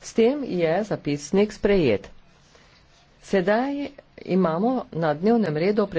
S tem je zapisnik sprejet. Sedaj imamo na dnevnem redu pred